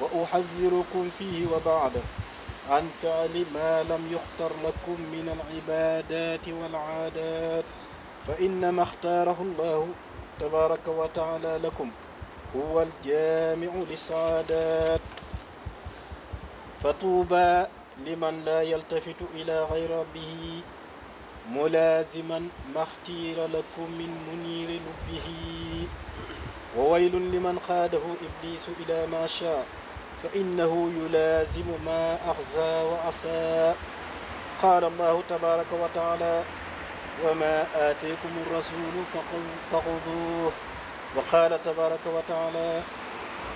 وأحذركم فيه وبعده عن فعل ما لم يختر لكم من العبادات والعادات فإنما اختاره الله تبارك وتعالى لكم هو الجامع للسعادات فطوبى لمن لا يلتفت إلى غير ربه ملازما ما اختير لكم من منير لبه وويل لمن قاده إبليس إلى ما شاء فإنه يلازم ما أخزى وأساء قال الله تبارك وتعالى وما آتيكم الرسول فخذوه وقال تبارك وتعالى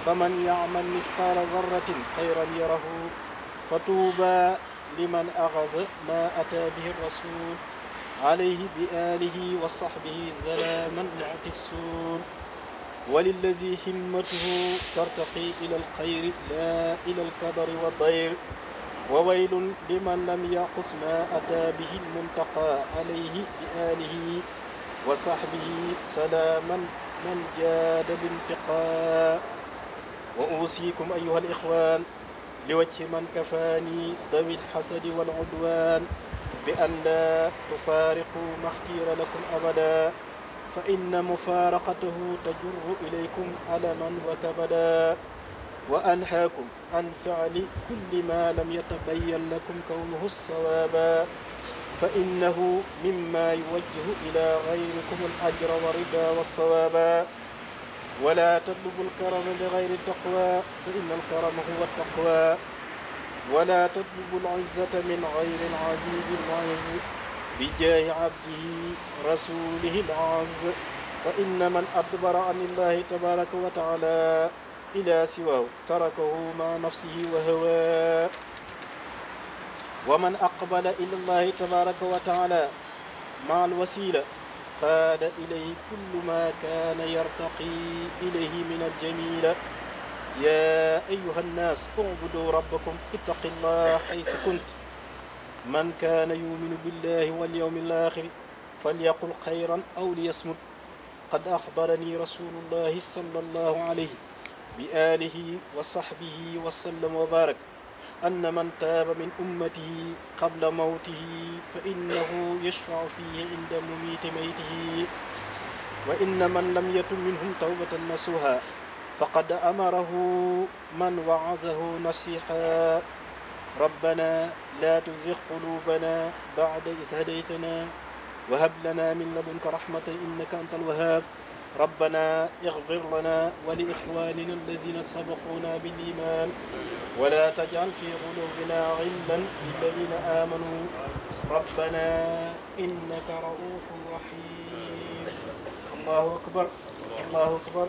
فمن يعمل مثقال ذرة خيرا يره فطوبى لمن أغز ما أتى به الرسول عليه بآله وصحبه ذلاما معتسون وللذي همته ترتقي إلى الخير لا إلى القدر والضير وويل لمن لم يقص ما أتى به المنتقى عليه بآله وصحبه سلاما من جاد الانتقاء وأوصيكم أيها الإخوان لوجه من كفاني ذوي الحسد والعدوان بأن لا تفارقوا ما اختير لكم أبدا fa inna mufaaraqatahu tajurru ilaykum alaman wa kabada wa anhaakum an fi'li kulli ma lam yatabayyan lakum kawnuhu sawaaba fa innahu mimma yuwajjihu ila gayrikum al-ajra wa rida wa sawaaba ولا تطلبوا الكرم لغير التقوى فإن الكرم هو التقوى ولا تطلبوا العزة من غير العزيز المعز بجاه عبده رسوله العز فإن من أدبر عن الله تبارك وتعالى إلى سواه تركه مع نفسه وهواه ومن أقبل إلى الله تبارك وتعالى مع الوسيلة قاد إليه كل ما كان يرتقي إليه من الجميل يا أيها الناس اعبدوا ربكم اتقوا الله حيث كنت man kaana yuminu billahi walyawmi alaaxiri falyaqul xayran aw liyasmut qad axbarani rasulullahi sallallahu alayhi bi aalihi wa saxbihi wa sallam wa baarak anna man taaba min ummatihi qabla mawtihi fa innahu yashfacu fihi cinda mumiiti maytihi wa inna man lam yatub minhum tawbatan nasuha faqad amarahu man wacadahu nasiha ربنا لا تزغ قلوبنا بعد إذ هديتنا وهب لنا من لدنك رحمة إنك أنت الوهاب ربنا اغفر لنا ولإخواننا الذين سبقونا بالإيمان ولا تجعل في قلوبنا غلا للذين آمنوا ربنا إنك رؤوف رحيم الله أكبر الله أكبر الله أكبر,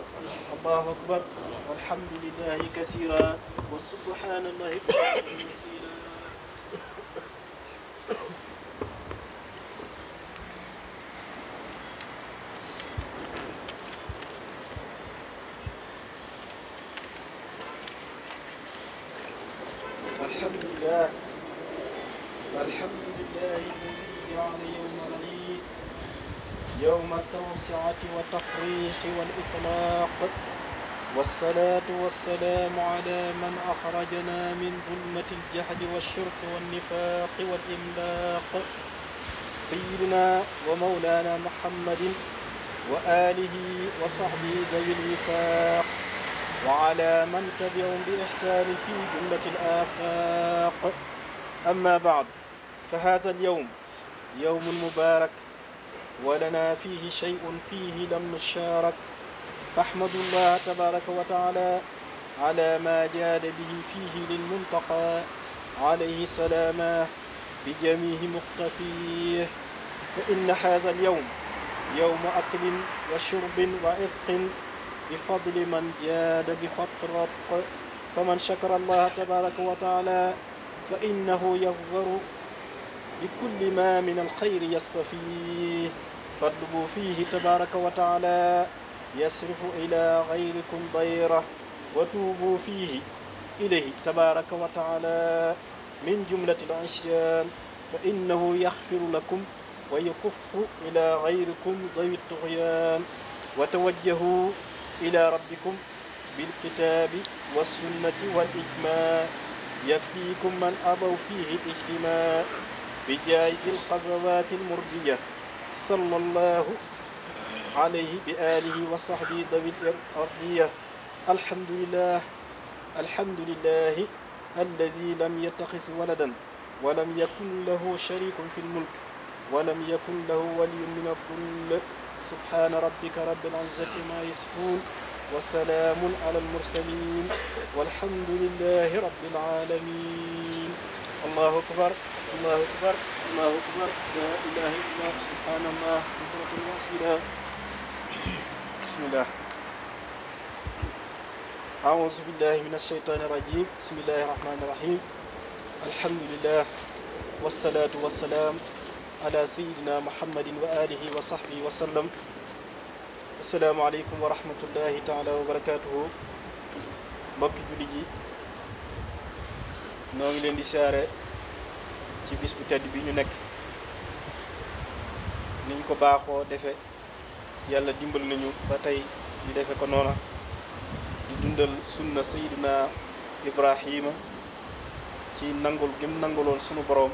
الله أكبر. walhamdulillahi kasiira wa subhanallahi kasiira alhamdulillah alhamdulillah alladi jaala yowma al-iid yowma tawsiati wa tafriixi wal itlaaq والصلاة والسلام على من أخرجنا من ظلمة الجهل والشرك والنفاق والإملاق سيدنا ومولانا محمد وآله وصحبه ذوي الوفاق وعلى من تبعهم بإحسان في جملة الآفاق أما بعد فهذا اليوم يوم مبارك ولنا فيه شيء فيه لم نشارك فاحمدوا الله تبارك وتعالى على ما جاد به فيه للمنتقى عليه السلام بجميع مقتفيه فإن هذا اليوم يوم أكل وشرب وعفق بفضل من جاد بفطرق فمن شكر الله تبارك وتعالى فإنه يظهر بكل ما من الخير يصفيه فاطلبوا فيه تبارك وتعالى yasrifu ila gayrikum dayra wa tuubu fiihi ilayhi tabaraka wa taala min jumlati al-isyaan fa innahu yaxfiru lakum wa yakuffu ila gayrikum dawi tugyaan wa tawajjahu ila rabbikum bilkitaabi wassunnati wal ijmaa yakfiikum man abaw fiihi ijtimaa bijaayi il qazawaati al murdiya sallallahu عليه بآله وصحبه ذوي الأرضية الحمد لله الحمد لله الذي لم يتخذ ولدا ولم يكن له شريك في الملك ولم يكن له ولي من الذل سبحان ربك رب العزة ما يصفون وسلام على المرسلين والحمد لله رب العالمين الله أكبر الله أكبر الله أكبر لا إله إلا سبحان الله بكرة وأصيلا bismillah أعوذ بالله من الشيطان الرجيم بسم الله الرحمن الرحيم الحمد لله والصلاة والسلام على سيدنا محمد وآله وصحبه وسلم السلام عليكم ورحمة الله تعالى وبركاته mbokki julli ji noo ngi leen di siyaare ci bis bu tedd bi ñu nekk niñ ko baaxoo defee yàlla dimbal nañu ba tey ñu defe ko noona di dundal sunna sayyidina ibrahima ci nangul gi mu nanguloon sunu boroom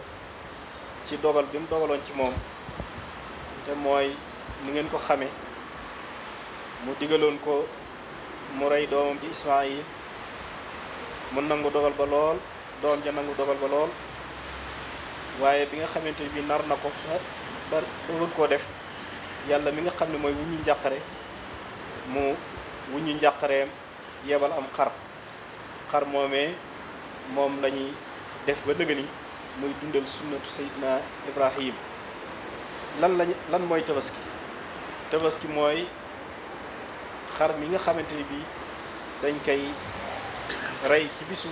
ci dogal bi mu dogaloon ci moom te mooy ni ngeen ko xame mu digaloon ko mu rey doomam ji ismaayil mu nangu dogal ba lool doom ja nangu dogal ba lool waaye bi nga xamante bi nar na ko ba ba bëgg koo def yàlla mi nga xam ne mooy wu ñu njàqare mu wu ñu njàqareem yebal am xar xar moomee moom lañuy def ba dëgg ni muy dundal sunnatu Seydina Ibrahim lan lañ lan mooy tabaski tabaski mooy xar mi nga xamante ni bii dañ koy rey ci bisu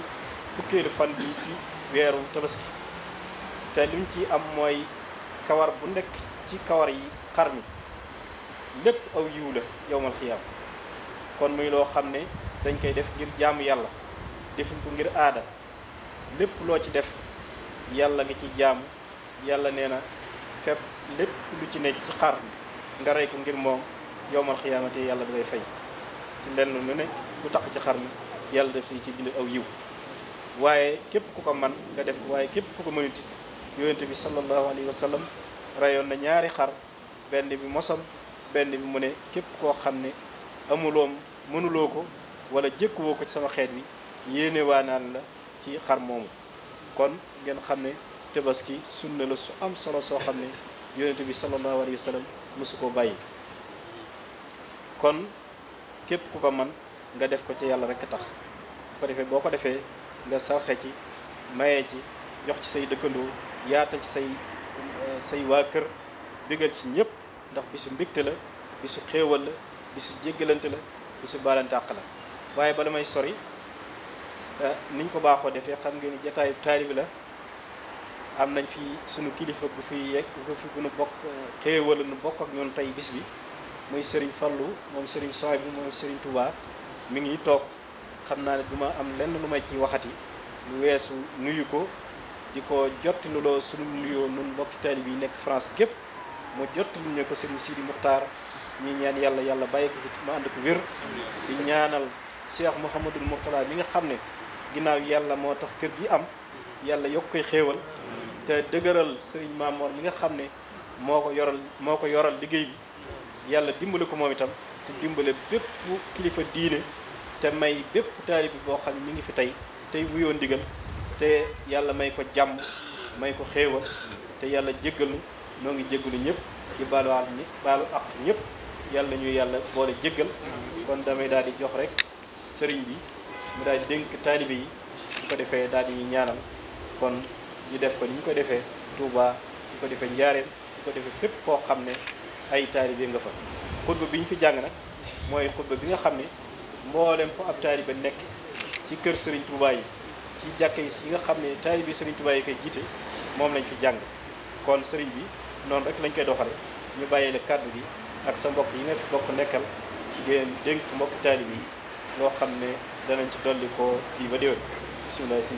fukkeelu fan bi ci weeru tabaski te luñ ci am mooy kawar bu nekk ci kawar yi xar mi lépp aw yiw la yowmal xiyaam kon muy loo xam ne dañ koy def ngir jaamu yàlla defuñ ko ngir aada lépp loo ci def yàlla nga ci jaamu yàlla nee na fépp lépp lu ci ne ci xar nga rey ko ngir moom yowmal xiyaamate yàlla da lay fay ci lenn lu ne lu tax ci xar mi yàlla def ci bind aw yiw waaye képp ku ko man nga def waaye képp ku ko mënut yonente bi sallallahu alayhi wa sallam na ñaari xar benn bi mosam benn bi mu ne képp koo xam ne amuloo mënuloo ko wala woo ko ci sama xeet wi yéene waanaan la ci xar moomu kon ngeen xam ne tabaski sunna la su am solo soo xam ne yonente bi sallallahu alayhi wa sallam mosu ko bàyyi kon képp ku ko man nga def ko ci yàlla rek tax ko defee boo ko defee nga sarxe ci maye ci jox ci say dëkkandoo yaata ci say say waa kër bégal ci ñëpp ndax bisu mbégte la bisu xéewal la bisu jéggalante la bisu baalante la waaye bala may sori eh, niñ ko baaxoo defee xam ngeen ni jataayu taalibi la am nañ fi sunu kilifa bu fi yegg bu fi bu nu bokk eh, xéewal nu bokk ak ñoom tey bis bi muy Serigne Fallou moom Serigne Soy bi moom Serigne Touba mi ngi toog xam naa ne duma am lenn lu may ci waxati lu weesu nuyu ko di ko jotti luloo sunu nuyoo nun mbokki taalibi yi nekk France gépp mu jot lu ñu ko sëriñ Sidi Muxtaar ñi ñaan yàlla yàlla bàyyi ko fi ma ànd ko wér di ñaanal Cheikh Mouhamadul Mourtala mi nga xam ne ginnaaw yàlla moo tax kër gi am yàlla yokk koy xéewal te dëgëral sëriñ Maamoor mi nga xam ne moo ko yoral moo ko yoral liggéey yàlla dimbale ko moom itam te dimbale bépp kilifa diine te may bépp taalibi boo xam ne mi ngi fi tey tey wuyoo ndigal te yàlla may ko jàmm may ko xéewal te yàlla jéggalu noo ngi jégalu ñëpp di baalu àll ñëpp baalu àq ñëpp yàlla ñuy yàlla boole jéggal kon damay daal di jox rek sëriñ bi mu daal di dénk taalibe yi su ko defee daal di ñaanal kon ñu def ko ni ñu ko defee Touba ñu ko defee Njaareem ñu ko defee fépp foo xam ne ay taalibe nga fa xutba bi ñu fi jàng nag mooy xutba bi nga xam ne mboolem fu ab taalibe nekk ci kër sëriñ Touba yi ci jàkka yi nga xam ne taalibe sëriñ Touba yi koy jiite moom lañ fi jàng kon sëriñ bi noonu rek lañ koy doxale ñu bàyyee la kàddu gi ak sa mbokk yi nga bokk nekkal ngeen dénk mbokk taalib yi loo xam ne danañ ci dolli ko ci ba déwén bisimilah